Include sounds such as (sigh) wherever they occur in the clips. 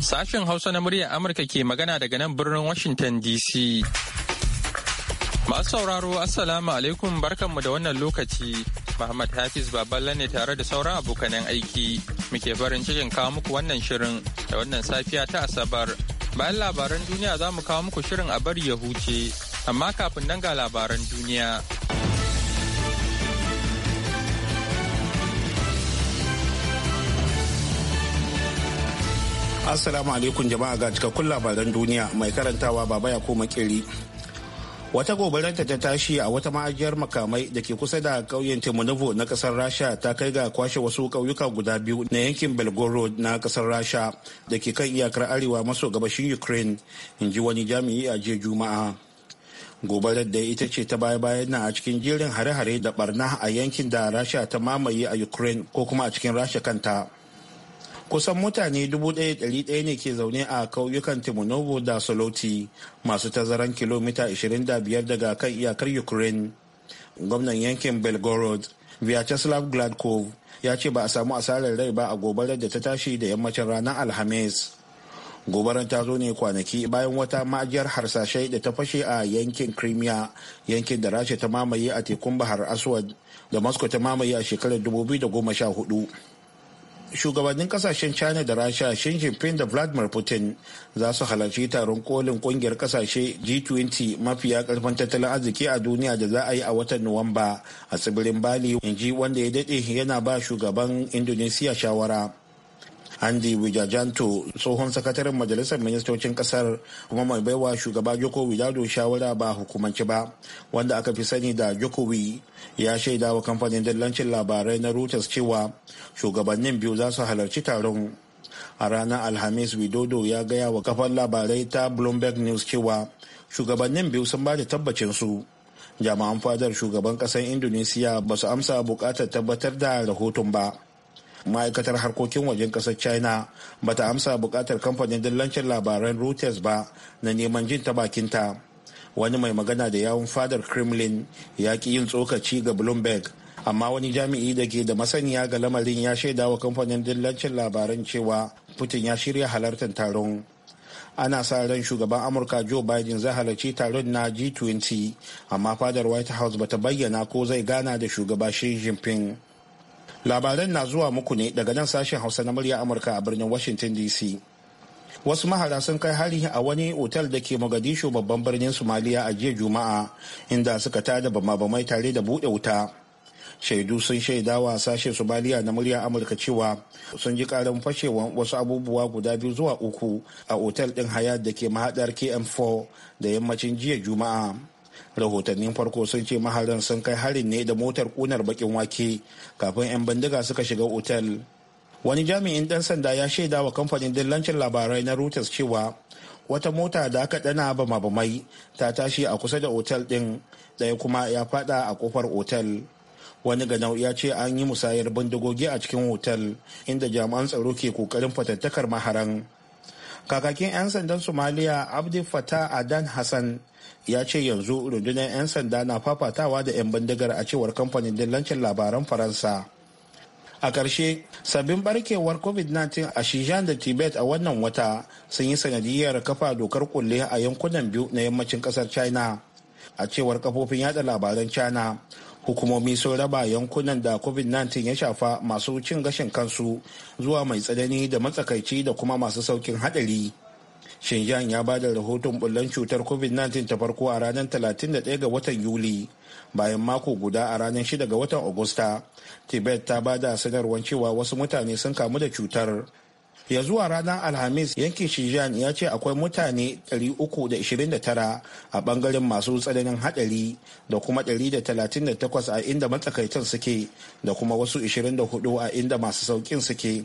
Sashen Hausa na muryar Amurka ke magana daga nan birnin Washington DC. Masu sauraro Assalamu alaikum barkanmu da wannan lokaci. Muhammad Hafiz Baballe ne tare da sauran abokanan aiki. Muke farin cikin kawo muku wannan shirin da wannan safiya ta Asabar. Bayan labaran duniya za mu kawo muku shirin a bari ya huce amma kafin nan ga labaran duniya. Assalamu alaikum jama'a ga cikakkun labaran duniya mai karantawa baba ya koma kiri. Wata gobarar ta tashi a wata ma'ajiyar makamai da ke kusa da ƙauyen Timunuvo na ƙasar Rasha ta kai ga kwashe wasu ƙauyuka guda biyu na yankin Belgorod na ƙasar Rasha da ke kan iyakar arewa maso gabashin Ukraine, in ji wani jami'i a jiya Juma'a. gobarar da ita ce ta baya-bayan nan a cikin jerin hare-hare da barna a yankin da rasha ta mamaye a ukraine ko kuma a cikin rasha kanta kusan mutane 1,100 ne ke zaune a kauyukan timonovo da soloti masu tazaran kilomita 25 daga kan iyakar ukraine gwamnan yankin belgorod vyacheslav gladkov ya ce ba a samu asarar rai ba a gobarar da ta tashi da yammacin ranar alhamis gobarar ta zo ne kwanaki bayan wata ma'ajiyar harsashai da ta fashe a yankin crimea yankin da rasha ta mamaye a tekun bahar aswad da moscow ta mamaye a shekarar 2014 shugabannin kasashen china da rasha xi jinping da vladimir putin za su halarci taron kolin kungiyar kasashe g20 mafiya karfin tattalin arziki a duniya da za a yi a watan nuwamba a tsibirin bali inji wanda ya dade yana ba shugaban indonesia shawara andy wijajanto tsohon sakataren majalisar ministocin kasar kuma mai baiwa shugaba joko widodo shawara ba hukumanci ba wanda aka fi sani da jokowi ya shaida wa kamfanin dillancin labarai na reuters cewa shugabannin biyu za su halarci taron a ranar alhamis widodo ya gaya wa kafan labarai ta bloomberg news cewa shugabannin biyu sun ba da tabbacin su jami'an fadar shugaban kasar indonesiya ba su amsa bukatar tabbatar da rahoton ba ma'aikatar harkokin wajen kasar china ba ta amsa bukatar kamfanin dillancin labaran reuters ba na neman jin ta bakinta wani mai magana da yawun fadar kremlin ya ki yin tsokaci ga bloomberg amma wani jami'i da ke da masaniya ga lamarin ya shaida wa kamfanin dillancin labaran cewa putin ya shirya halartar taron ana sa ran shugaban amurka joe biden zai halarci taron na g20 amma fadar white house bata bayyana ko zai gana da shugaba shi jinping labaran na zuwa muku ne daga nan sashen hausa na murya amurka a birnin washington dc wasu mahara sun kai hari a wani otal da ke mogadishu babban birnin somaliya a jiya juma'a inda suka tada bama-bamai tare da bude wuta shaidu sun shaida wa sashen somaliya na murya amurka cewa sun ji karin fashewan wasu abubuwa guda biyu zuwa uku a otal din hayat da ke mahadar km4 da yammacin jiya juma'a rahotannin farko sun ce maharan sun kai harin ne da motar kunar bakin wake kafin 'yan bindiga suka shiga otal wani jami'in dan sanda ya shaida wa kamfanin dillancin labarai na reuters cewa wata mota da aka dana bama bamai ta tashi a kusa da otal din daya kuma ya fada a kofar otal wani nau'i ya ce an yi musayar bindigogi a cikin otal inda jami'an tsaro ke kokarin fatattakar maharan kakakin 'yan sandan somaliya abdi fata adan hassan ya ce yanzu rundunar 'yan sanda na fafatawa da 'yan bindigar a cewar kamfanin dillancin labaran faransa a ƙarshe sabbin barkewar covid-19 a shijan da tibet a wannan wata sun yi sanadiyar kafa dokar kulle a yankunan biyu na yammacin ƙasar china a cewar kafofin yada labaran china hukumomi sun raba yankunan da covid-19 ya shafa masu cin gashin kansu zuwa mai tsanani da matsakaici da kuma masu saukin haɗari. Xinjiang ya ba da rahoton bullan cutar COVID-19 ta farko a ranar 31 ga watan Yuli bayan mako guda a ranar 6 ga watan Agusta. Tibet ta ba da sanarwar cewa wasu mutane sun kamu da cutar. Ya zuwa ranar Alhamis yankin Xinjiang ya ce akwai mutane 329 a bangaren masu tsananin hadari da kuma 138 a inda matsakaitan suke da kuma wasu 24 a inda masu saukin suke.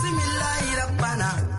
bismillahi rabbana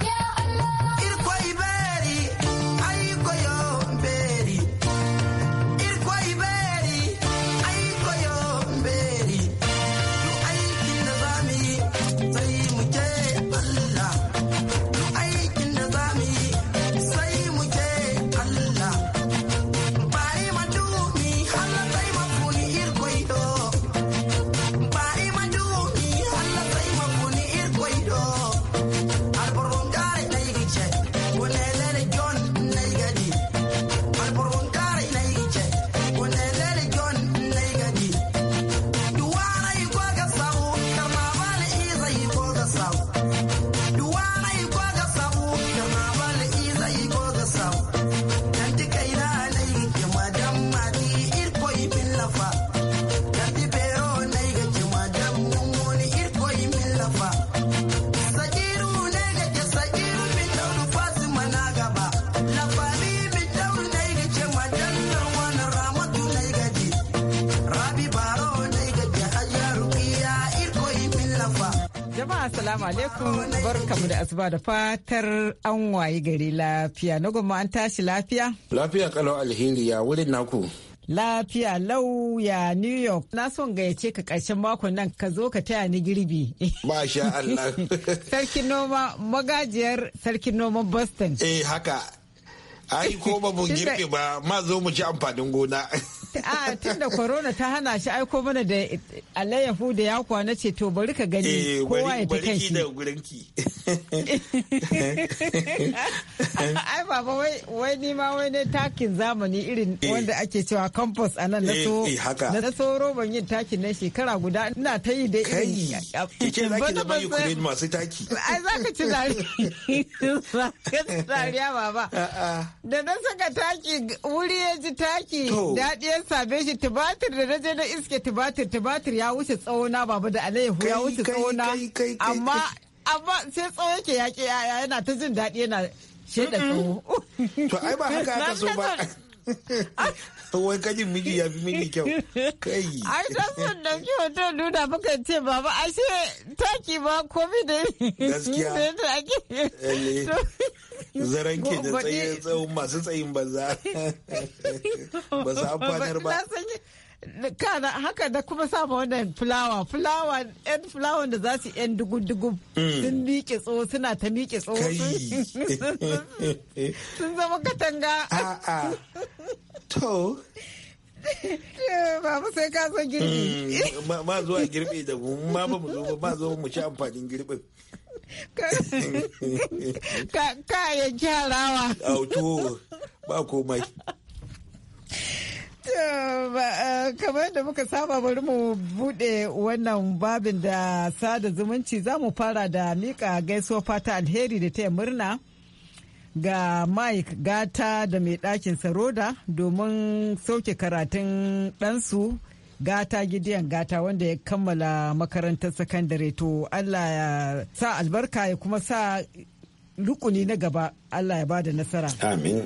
Assalamu alaikum barkamu da asuba da fatar an waye gari lafiya. Na gwamma an tashi lafiya? Lafiya kalau alheri ya wurin naku. Lafiya lau ya New York. Na son gayyace ka ƙarshen makon nan ka zo ka taya ni girbi. Masha (laughs) Allah. Sarkin noma magajiyar sarkin noman Boston. Eh haka. ai ko ba mun girbe ba ma zo mu ci amfanin gona a tun da corona ta hana shi aiko mana da alayyahu da ya kwana ce to bari ka gani eh, kowa ya ta kan shi da gurinki (laughs) ai baba wai wai ni ma wai ne takin zamani irin eh. wanda ake cewa compost a nan na eh, so na so roban yin takin na shekara guda ina ta yi da irin kike zaki da bayu kudin masu taki ai zaka (laughs) (laughs) ci dariya baba ah, ah. da na saka taki wuri ya ji taki daɗi ya same shi tubatir da na je na iske tubatir tubatir ya wuce tsawona babu da alayyahu ya wuce tsawona amma amma sai tsawo yake yaƙi yaya yana ta jin daɗi yana shaida tsawo to ai ba haka aka so ba (laughs) (laughs) wai kajin miji ya fi miji kyau kai ai ta sun da kyau nuna maka ce baba ashe taki ba komai da gaskiya da (laughs) zaran ke da tsaye tsawon masu tsayin banza (laughs) ba su amfanar ba kana haka da kuma sama wannan fulawa fulawa yan fulawan da za su yan dugu-dugu mm. sun miƙe tsoho suna ta miƙe tsoho (laughs) sun zama katanga To. mu (laughs) sai ka san girbi. Hmm, ma zuwa girbi da mu ma ba mu zo ba zo mu ci amfanin girbin. Ka ya (laughs) kyarawa Auto ba komai. Eh, kamar da muka saba bari mu bude wannan babin da sada zumunci za mu fara da mika gaisuwa fata alheri da ta yi murna ga mike gata da mai ɗakin saroda domin sauke karatun ɗansu gata Gideon gata wanda ya kammala makarantar sakandare to allah ya sa albarka ya kuma sa rukuni na gaba allah ya bada nasara amin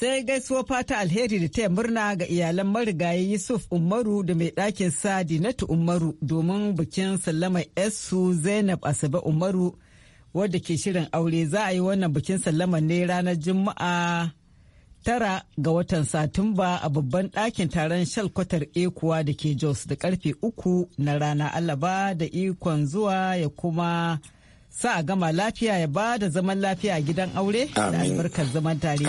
sai gaisuwa fata alheri da taya murna ga iyalan marigayi yusuf umaru da mai ɗakin sa dinatu umaru domin bikin sallama su zainab asabe umaru wadda ke shirin aure za a yi wannan bikin sallama ne ranar juma'a tara ga watan satumba a babban ɗakin taron shalkwatar ekuwa da ke jos da karfe uku na rana alaba da ikon zuwa ya kuma sa a gama lafiya ya ba da zaman lafiya a gidan aure da albarkar zaman tare.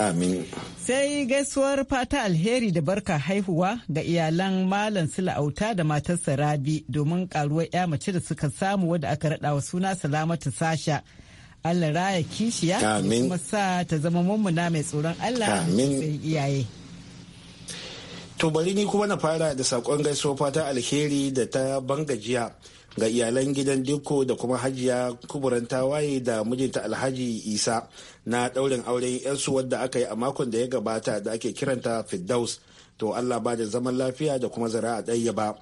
Sai gaisuwar fata alheri da barka haihuwa ga iyalan Malam la'auta da matarsa Rabi domin karuwar 'ya mace da suka samu wadda aka raɗa wa suna Salamatu Sasha. Allah raya kishiya kuma sa ta zama mummuna mai tsoron Allah sai iyaye. To bari ni kuma na fara da saƙon gaisuwar fata alheri da ta bangajiya. jiya. ga iyalan gidan dikko da kuma hajiya kuburan tawaye da mijinta alhaji isa na daurin auren yansu wadda aka yi a makon da ya gabata da ake kiranta fiddaus to allah ba da zaman lafiya da kuma zara'a ɗaya ba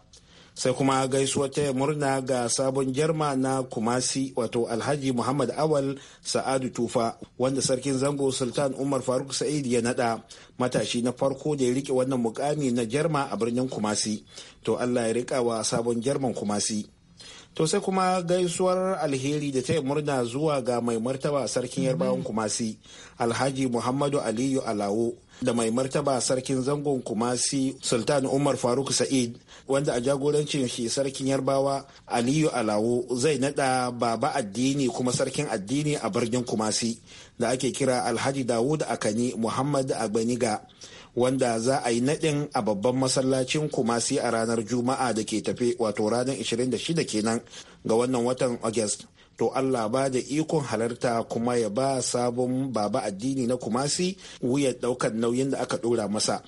sai kuma ta ya murna ga sabon jarma na kumasi wato alhaji muhammad awal sa'adu tufa wanda sarkin zango sultan umar faruk sa'id ya nada matashi na farko da ya rike wannan mukami na jarma a birnin kumasi to allah ya rika wa sabon jarman kumasi To sai kuma gaisuwar alheri da ta yi murna zuwa ga mai martaba sarkin yarbawan mhm. kumasi Alhaji Muhammadu Aliyu Alawo da mai martaba sarkin zangon kumasi Sultan Umar Faruk Sa'id wanda a jagorancin shi sarkin yarbawa Aliyu Alawo zai nada baba addini kuma sarkin addini a birnin kumasi da ake kira Alhaji Dawud Akani Muhammad Agbaniga. wanda za a yi naɗin a babban masallacin kumasi a ranar juma'a da ke tafe wato ranar 26 kenan ga wannan watan august to allah ba da ikon halarta kuma ya ba sabon baba addini na kumasi wuyan ɗaukar nauyin da aka ɗora masa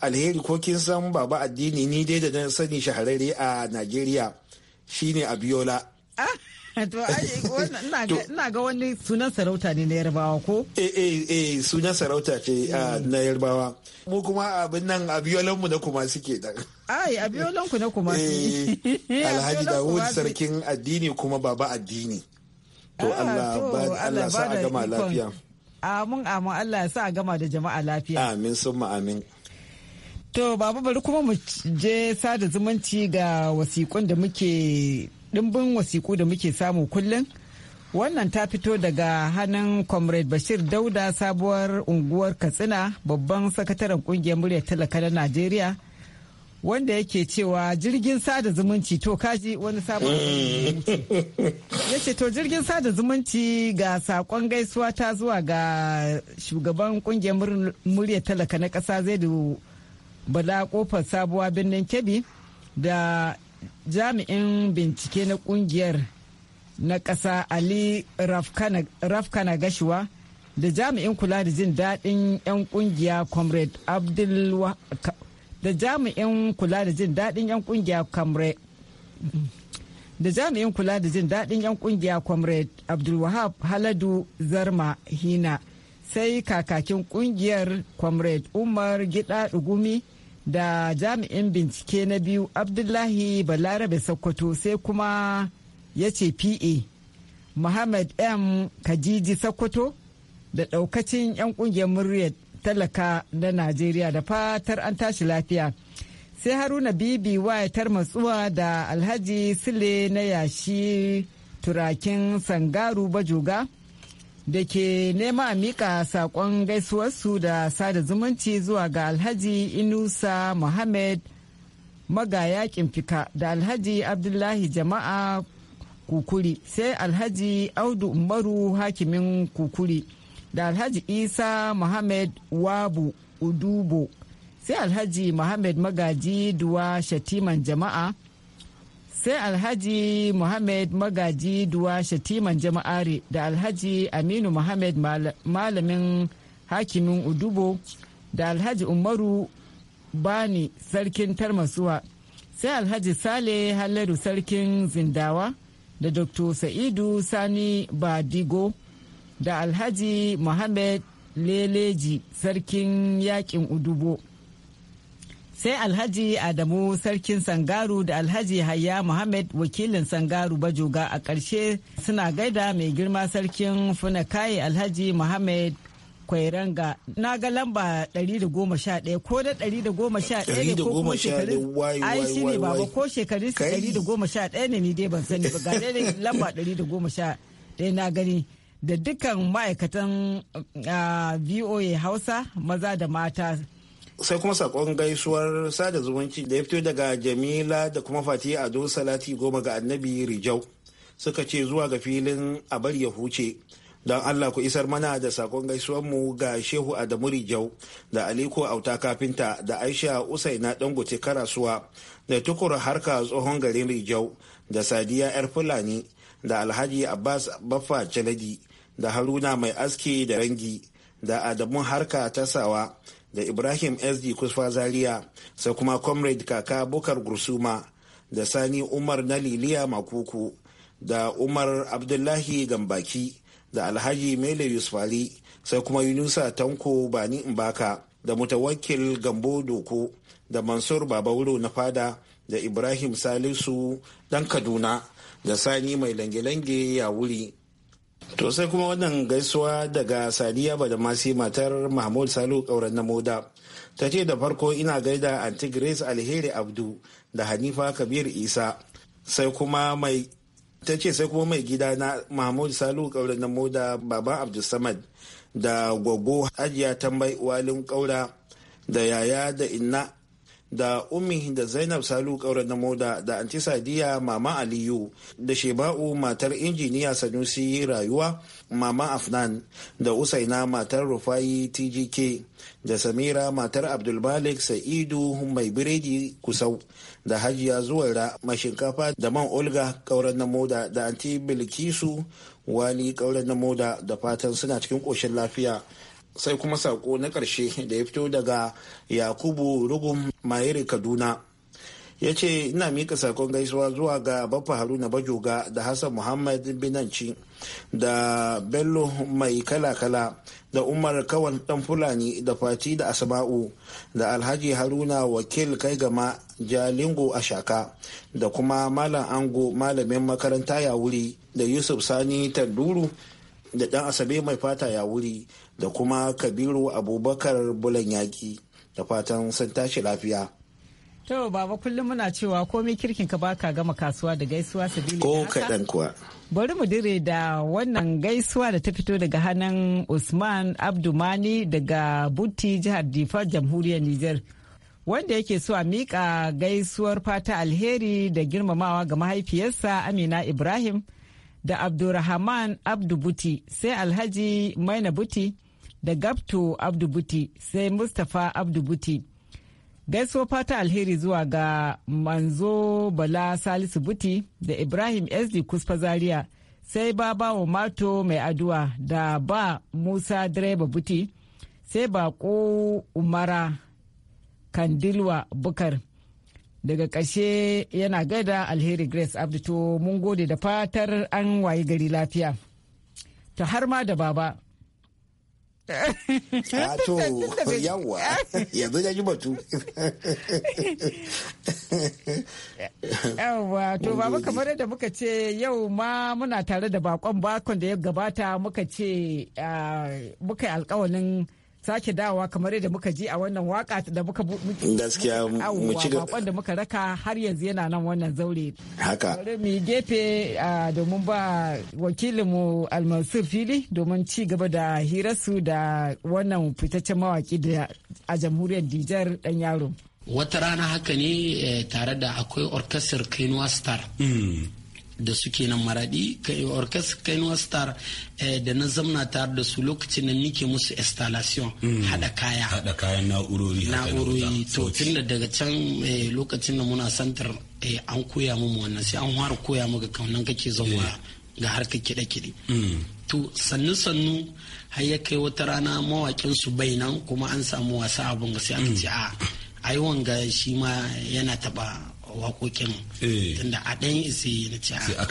alheri ko kin san baba addini ni dai da na sani shahararre a najeriya shine abiola ah! (laughs) to ina ga wani sunan sarauta ne na yarbawa ko eh eh eh sunan sarauta ce hmm. ah, na yarbawa mu kuma abin nan abiyolan mu na kuma suke dan ai abiyolan ku na kuma eh, (laughs) eh, alhaji dawud sarkin addini kuma baba addini to ah, Allah sa a gama lafiya amin amin Allah sa a gama da jama'a lafiya amin summa amin To, baba bari kuma mu je sada zumunci ga wasikon da muke ɗimbin wasiƙu da muke samu kullum wannan ta fito daga hannun comrade bashir dauda sabuwar unguwar katsina babban sakataren kungiyar muryar talaka na najeriya wanda yake cewa jirgin sada zumunci to kaji wani sabon (laughs) ya ce to jirgin sada zumunci ga sakon gaisuwa ta zuwa ga shugaban kungiyar muryar talaka na kasa da bala kofar sabuwa birnin kebbi da jami'in bincike na kungiyar na ƙasa ali rafkana gashuwa da jami'in kula da jin daɗin 'yan kungiya comrade abdul da jami'in kula da jin daɗin 'yan kungiya comrade da jami'in kula da jin daɗin 'yan kungiya comrade abdulwahab haladu zarma hina sai kakakin kungiyar comrade umar gida dugumi da jami'in bincike na biyu abdullahi balarabe sokoto sai kuma ya ce pa muhammad m kajiji sokoto da daukacin 'yan kungiyar murya talaka na najeriya da fatar an tashi lafiya sai haruna bibi tar matsuwa da alhaji sule na yashi turakin sangaru bajuga da ke nema a mika sakon gaisuwarsu da sada zumunci zuwa ga alhaji inusa muhammad magaya fika da alhaji abdullahi jama'a kukuri sai alhaji audu umaru hakimin kukuri da alhaji isa muhammad wabu udubo sai alhaji muhammad magaji duwa shatiman jama'a sai alhaji muhammad magaji duwa shatiman jama'are da alhaji aminu muhammad malamin hakimin udubo da alhaji umaru bani sarkin tarmasuwa sai alhaji sale halaru sarkin zindawa da dr sa'idu sani badigo da alhaji muhammad leleji sarkin yakin udubo sai alhaji adamu sarkin sangaru da alhaji hayya muhammad wakilin sangaru bajoga a ƙarshe suna gaida mai girma sarkin funakaye alhaji muhammad kwairanga na ga lamba 111 ko da 111 ne ko kuma shekarun ai shi ne baba ko shekarun 111 ne ni dai ban sani ba ga dai lamba 111 na gani da dukkan ma'aikatan ah, voa hausa maza da mata sai kuma sakon gaisuwar sada zumunci da ya fito daga jamila da kuma fati ado salati goma ga annabi rijau suka ce zuwa ga filin a bar ya huce don allah ku isar mana da sakon mu ga shehu adamu rijau da aliko auta kafinta da aisha usaina dangote karasuwa da tukur harka tsohon garin rijau da sadiya yar fulani da alhaji abbas baffa jaladi da haruna mai aski da rangi da adamu harka ta sawa da ibrahim sd kusfa zaria sai kuma comrade kaka bukar gursuma da sani umar na liliya makuku da umar abdullahi gambaki da alhaji mele yusufali sai kuma yunusa tanko bani mbaka da mutawakkil gambo doko da mansur babauro na fada da ibrahim salisu dan kaduna da sani mai lange-lange ya wuri To sai kuma wannan gaisuwa daga Sadiya Badamasi matar Mahmud Salu ƙauren na Moda. Ta ce da farko ina gaida Aunty Grace Alheri Abdu da Hanifa Kabir Isa. Sai kuma mai ta ce sai kuma mai gida na Mahmud Salu ƙauren na Moda Baban Abdulsamad da Gwaggo Hajiya Tambai Walin Ƙaura da yaya da inna da ummi da zainab salu kauran na moda da antisadiya mama aliyu da sheba'u matar injiniya sanusi rayuwa mama afnan da usaina matar rufayi tgk da samira matar abdulbalik sa'idu mai biredi kusau da hajiya zuwara mai shinkafa da man olga kauran na moda da anti bilkisu wali kauran na moda da fatan suna cikin ƙoshin lafiya sai kuma sako na ƙarshe da ya fito daga yakubu rugum mayere kaduna ya ce ina mika sakon gaisuwa zuwa ga bafa haruna bajoga da hassan muhammad binanci da bello mai kala-kala da umar kawan dan fulani da fati da asma'u da alhaji haruna wakil kai gama jalingo a shaka da kuma malam ango malamin makaranta ya wuri da yusuf sani tanduru da dan asabe mai fata ya wuri da kuma kabiru abubakar bulan yaƙi da fatan sun tashi lafiya To baba kullum muna cewa komai kirkin ka baka gama kasuwa da gaisuwa sabili Ko kaɗan kuwa. Bari mu dire da wannan gaisuwa da ta fito daga hannun Usman Abdumani daga buti jihar Difa jamhuriyar Nijar. Wanda yake so a miƙa gaisuwar fata alheri da girmamawa ga mahaifiyarsa Amina Ibrahim da Abdurrahman abdubuti sai Alhaji Maina Buti. da gabto abdubuti sai mustapha abdubuti gaisuwa fata alheri zuwa ga manzo bala salisu buti da ibrahim sd kuspa zaria sai babawo mato mai aduwa da ba musa direba buti sai bako umara kandilwa bukar daga ƙashe yana gaida alheri grace abdu to mun gode da fatar an wayi gari lafiya ta har ma da baba Eh? a ah, to (laughs) yawwa (laughs) eh? yanzu ya ji batu yawwa to baba kamar da muka ce yau ma muna tare da bakon bakon da ya gabata muka ce ah, muka yi alkawalin sake dawowa kamar yadda muka ji a wannan waka da muka a da muka raka har yanzu yana nan wannan zaure haka bari mu yi gefe domin ba wakilinmu almansur fili domin ci gaba da hirarsu da wannan fitaccen mawaki da a jamhuriyar dijar dan yaro wata rana haka ne eh, tare da akwai orkestar kainuwa star hmm. da suke nan maradi kai orkes kainuwa star eh, da na zamna tare da su lokacin da nike musu installation hmm. hada kaya hada kaya na'urori na'urori to tun daga can eh, lokacin da muna santar eh, an koya mu wannan sai an fara koya mu ga kaunan kake zama ga harkar kiɗe-kiɗe hmm. to sannu-sannu har ya kai wata rana mawakin su bai nan kuma an samu wasa abun ga sai aka ce hmm. a ayi wanga shi ma yana taba waƙoƙin eh. tunda a ɗan isi na ce ah,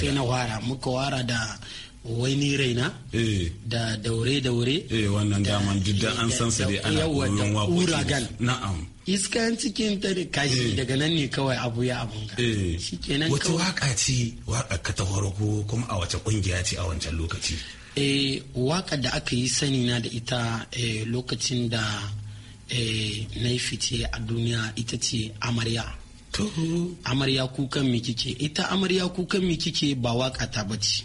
sai na wara muka wara da wai ni raina eh. da daure daure eh wannan daman diddan an san su dai ana koyon wakokin na'am iskan cikin ta da kashi eh. daga nan ne kawai abu ya abun ka shikenan wace waka ce waka ka ta farko kuma a wace kungiya ce a wancan lokaci eh waka da aka yi sani na da ita lokacin da na yi fice a duniya ita ce amarya amarya kukan mi kike ita amarya kukan mi kike ba waka ta bace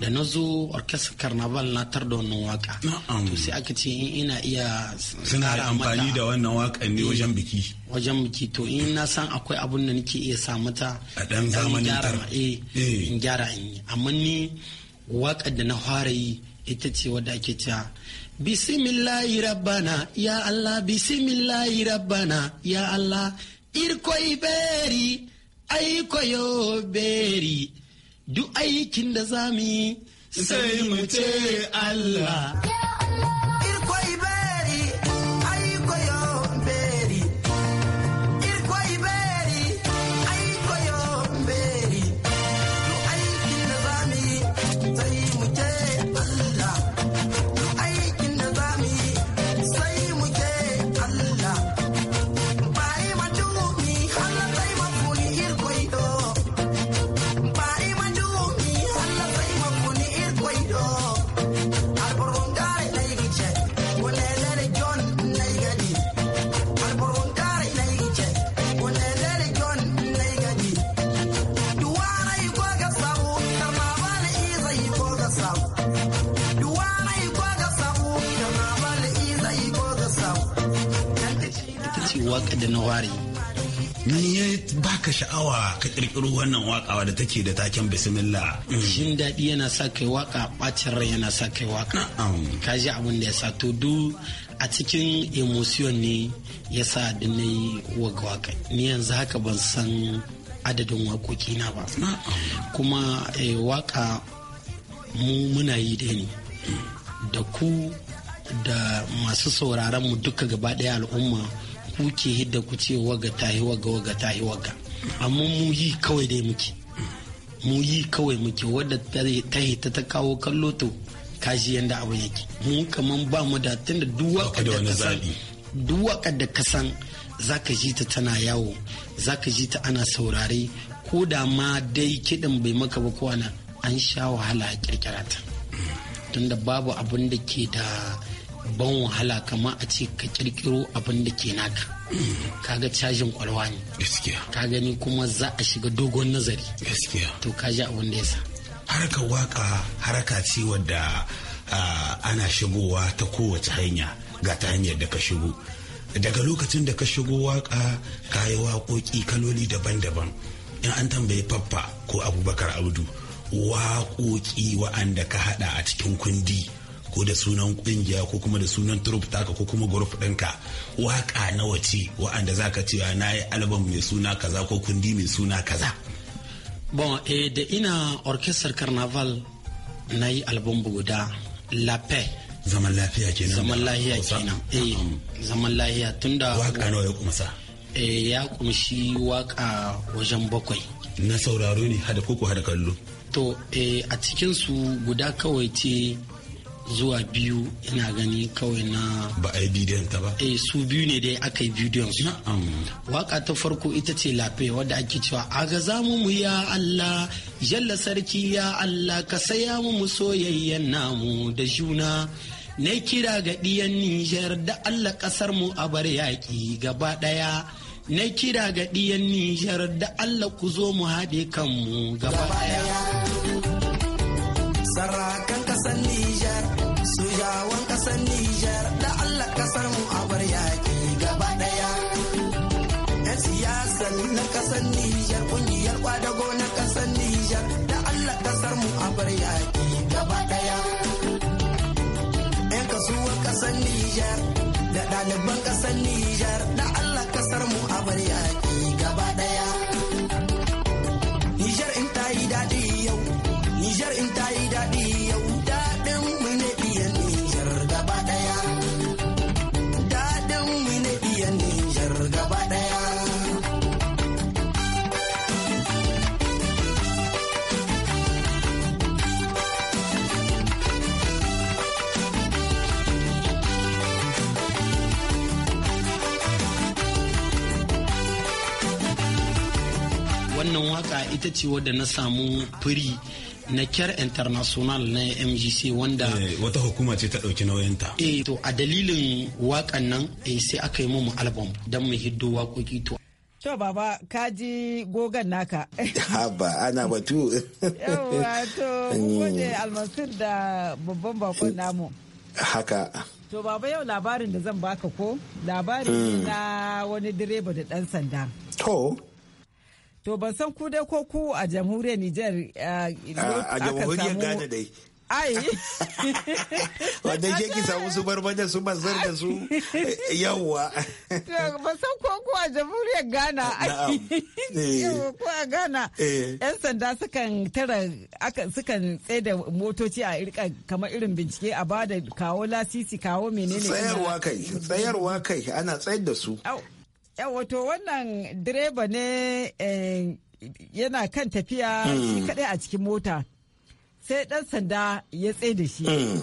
da na zo orchestra carnival na tar da wannan waka to sai aka ce in ina iya suna da amfani da wannan wakan ne eh, wajen biki wajen biki to in na san akwai abun da nake iya sa mata a dan zamanin tar eh, eh. in gyara in yi amma ni wakar da na fara yi ita ce wadda ake cewa bismillahir rabbana ya allah bismillahir rabbana ya allah irkoi beri aikoyo beri duk aikin da zami sai mu ce Allah. da na ware ni ya baka sha'awa ka kirkiro wannan wakawa da take da taken bismillah shin mm. daɗi yana sa kai waka ɓacin rai yana sa kai waka ka ji abin da ya sa to du a cikin emotion ne ya sa da na yi waka ni yanzu haka ban san adadin waƙoƙi na ba kuma eh, waƙa mu muna yi da ni da ku da masu sauraron mu duka gaba ɗaya al'umma ku ke hidda ku ce waga tahi waga waga tahi waga amma mu yi kawai dai muke mu yi kawai muke wadda ta hita ta kawo kallo to kaji yanda abu yake mu kaman ba mu da tunda duwaka da kasan duwaka da zaka ji ta tana yawo zaka ji ta ana saurare ko da ma dai kiɗin bai maka ba kowana an sha wahala a kirkira ta tunda babu abin da ke da ban wahala kama a ce ka kirkiro abin da ke naka kaga cajin kwalwa ne gaskiya ka gani kuma za a shiga dogon nazari gaskiya to ka ji abin da yasa harkar waka haraka ce wadda ana shigowa ta kowace hanya ga ta hanyar da ka shigo daga lokacin da ka shigo waka ka yi waƙoƙi kaloli daban-daban in an tambayi faffa ko abubakar abdu waƙoƙi wa'anda ka hada a cikin kundi ko da sunan kungiya ko kuma da sunan trup taka ko kuma group ɗinka waka nawa ce wa'anda za ka cewa ah, na yi album mai suna kaza ko kundi mai suna kaza bon eh, da ina orchestar carnaval na yi album guda la zaman lafiya kenan zaman lafiya kenan eh zaman lafiya tunda waka nawa ya kumsa eh ya kumshi waka wajen bakwai na sauraro ne hada koko hada kallo to eh a cikin su guda kawai ce zuwa biyu ina gani kawai na ba a yi bidiyon ta ba eh su biyu ne dai aka yi bidiyon su waka ta farko ita ce lafe wadda ake cewa a ga za mu ya Allah jalla sarki ya Allah ka saya mu mu soyayyen namu da juna na kira ga ɗiyan Nijar da Allah ƙasar mu a bar yaki gaba ɗaya na kira ga ɗiyan Nijar da Allah ku zo mu haɗe kanmu gaba ɗaya. ita ce wadda na samu firi na kyar international na mgc wanda eh, wata hukuma ce ta dauki nauyinta eh to a dalilin wakan nan eh, sai aka yi mu album don mu hiddo wakoki to To baba ka ji gogan naka. (laughs) Haba ana batu. yawa to mm. gode almasir da babban bakon namu. Haka. To baba yau labarin da zan baka ko labarin mm. na wani direba da dan sanda. To. To ban san ku dai ko ku a jamhuriyar Nijar eh, a jamhuriyar Ghana dai. Ai. (laughs) Wadda ke ki samu su bar barbada su bazar da su eh, yawwa. (laughs) Ban san ko ku a jamhuriyar Ghana. Ah, (laughs) eh. Ko a Ghana. Yan sanda sukan tara sukan tsaye da motoci a irka kamar irin bincike a bada kawo lasisi kawo menene. Tsayarwa kai tsayarwa kai ana tsayar da su. wato wannan direba ne eh, yana kan tafiya shi mm. kadai a cikin mota sai dan sanda ya tsaye da shi mm.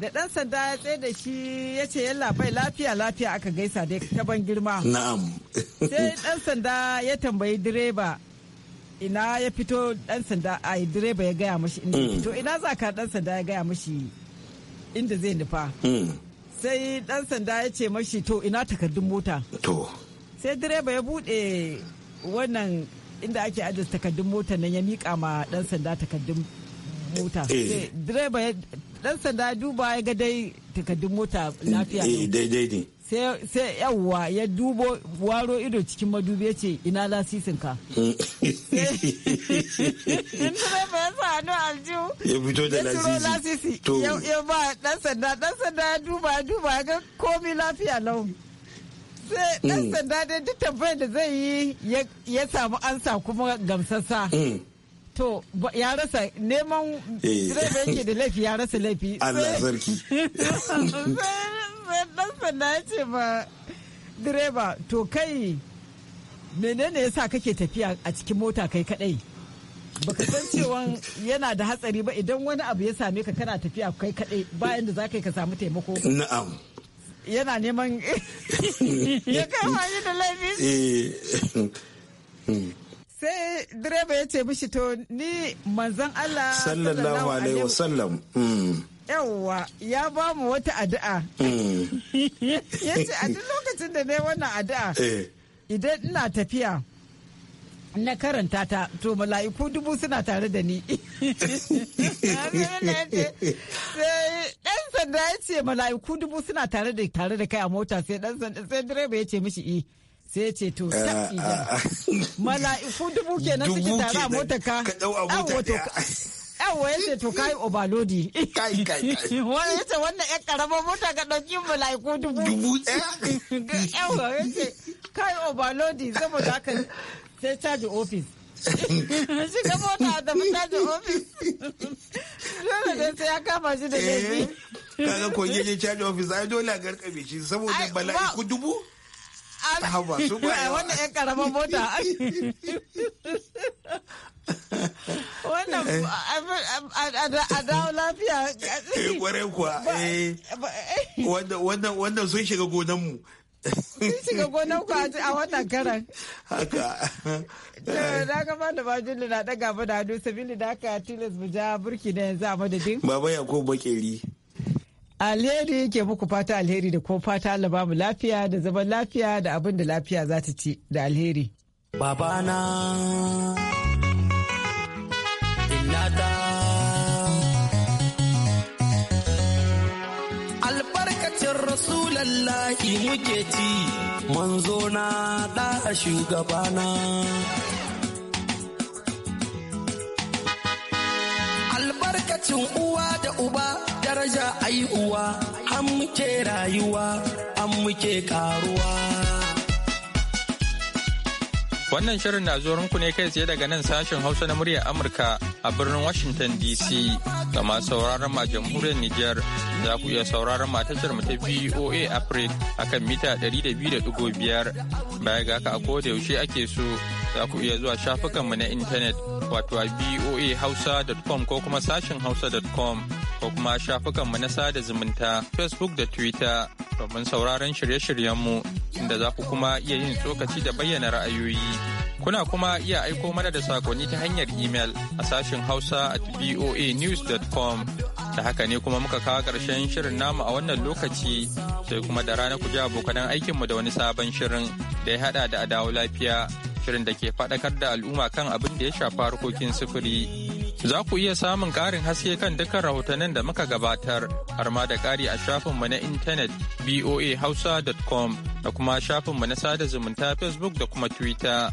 da dan sanda ya tsaye da shi ya ce yalla bai lafiya lafiya aka gaisa dai ta ban girma sai dan (laughs) sanda ya tambayi direba ina ya fito dan sanda a direba ya gaya mashi inda ya mm. fito ina za ka dan sanda ya gaya mashi inda zai nufa sai dan sanda ya ce mashi to ina takardun mota to sai direba ya bude wannan inda ake ajiye takardun mota nan ya mika ma dan sanda takardun mota eh. direba dan sanda duba ya ga dai takardun mota lafiya eh, eh daidai ne sai yawwa ya dubo waro ido cikin madubi ya ce ina lasisin ka (laughs) (laughs) direba ya sa hannu aljihu ya fito da lasisi ya ba dan sanda dan sanda ya duba ya duba ya ga komi lafiya lau Eh, dan mm. sanda dai duk tambayar da zai yi ya samu ansa kuma gamsasa mm. to ya rasa neman eh. direba yake da laifi ya rasa laifi (laughs) Allah sarki (laughs) dan sanda ya ce ba direba to kai menene yasa kake tafiya a cikin mota kai kadai baka san cewa yana da hatsari ba idan wani abu ya same ka kana tafiya kai kadai bayan da za ka yi ka samu taimako na'am yana neman (laughs) ya kai hanyar da laifin eh. sai direba ya ce mishi to ni manzan Allah sallallahu alaihi wasallam hmm. yawwa ya ba mu wata addu'a hmm. (laughs) ya ce a duk lokacin da ne wannan addu'a eh. idan ina tafiya na karanta ta to mala'iku dubu suna tare da ni dan (laughs) sanda ya ce mala'iku dubu suna tare da tare da kai a mota sai dan sanda sai direba ya ce mishi i eh, sai ya ce to eh, ah, ah, ah. mala'iku dubu kenan suke tare a mota ka yawwa yace to kai obalodi kai kai kai (laughs) yace wannan yan karamar mota ga dauki mala'iku dubu dubu (laughs) yawwa yace kai obalodi saboda haka sai caji ofis (laughs) shi ga mota da caji ofis dole ne sai ya kama shi da laifi eh, kaga ko je caji ofis ai dole a garkabe shi saboda bala'i ku dubu haba su ba wannan yan karaman mota (laughs) wannan eh. a dawo lafiya eh, kwarai kuwa wannan sun shiga gonanmu Kun shiga gonan ku a wannan karan. Haka. Na gaba da bajin na ɗaga ba da hannu sabili da aka tilas mu ja burki na yanzu a madadin. Baba ya ko bakeri. Alheri ke muku fata alheri da kuma fata Allah ba mu lafiya da zaman lafiya da abin da lafiya za ta ci da alheri. Babana. Inata. layi muke ci manzo na da shugabana albarkacin uwa da uba daraja ai uwa an muke rayuwa an muke karuwa wannan shirin na zuwa muku ne kai tsaye daga nan sashen hausa na muryar amurka a birnin washington dc ga masu sauraron ma jamhuriyar niger za ku iya sauraron matashar mu ta VOA Africa akan mita 200.5 baya ga ka a koda yaushe ake so za ku iya zuwa shafukanmu na intanet wato a voahausa.com ko kuma sashin hausa.com ko kuma shafukanmu na sada zumunta facebook da twitter domin sauraron shirye-shiryenmu inda za ku kuma iya yin tsokaci da bayyana ra'ayoyi. Kuna kuma iya aiko mana da sakonni ta hanyar imel a sashen Hausa at voanews.com Da haka ne kuma muka kawo ƙarshen shirin namu a wannan lokaci sai kuma da rana ku ji abokan aikinmu da wani sabon shirin da ya haɗa da adawo lafiya shirin da ke faɗakar da al'umma kan abin da ya shafi harkokin sufuri. Za ku iya samun ƙarin haske kan dukkan rahotannin da muka gabatar har ma da ƙari a shafinmu na intanet hausa.com da kuma shafinmu na sada zumunta Facebook da kuma Twitter.